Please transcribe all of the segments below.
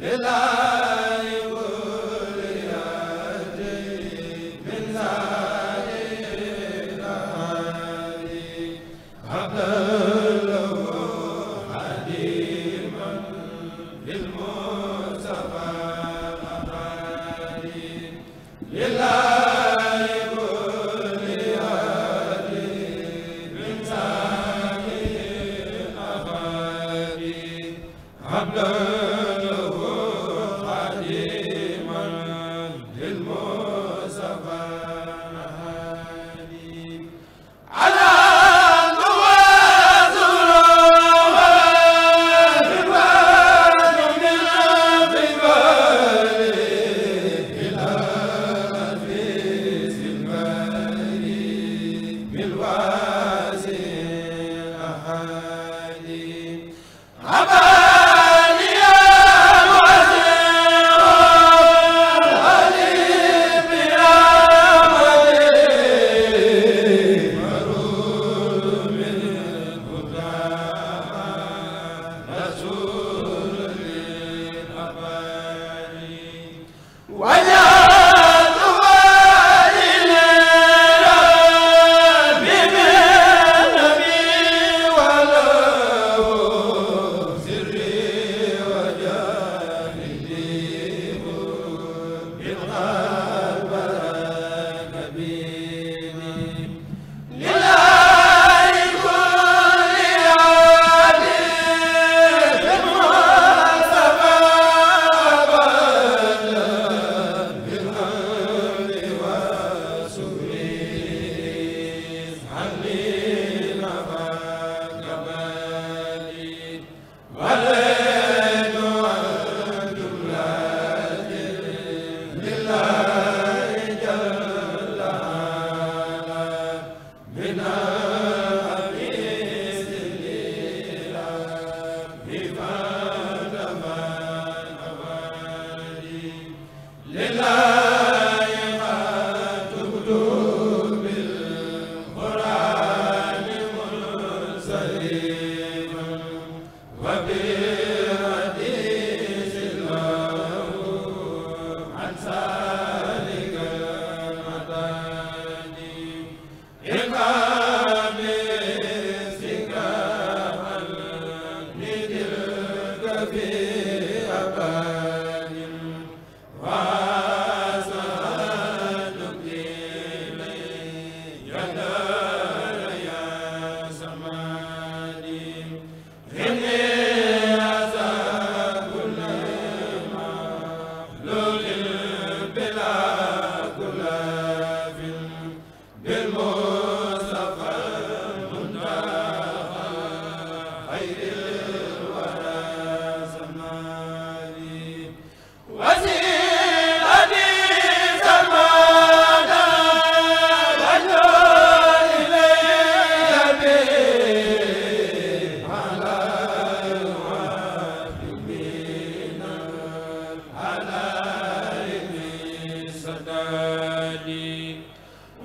la Allah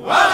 wa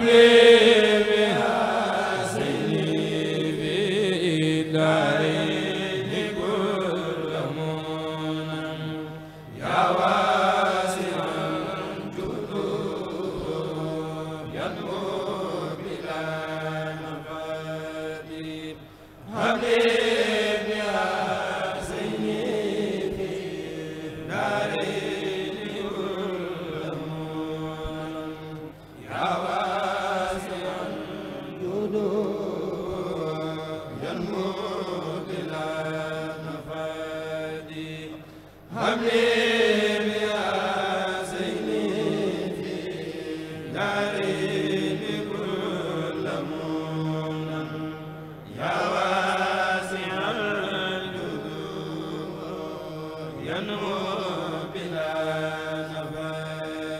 amiin daa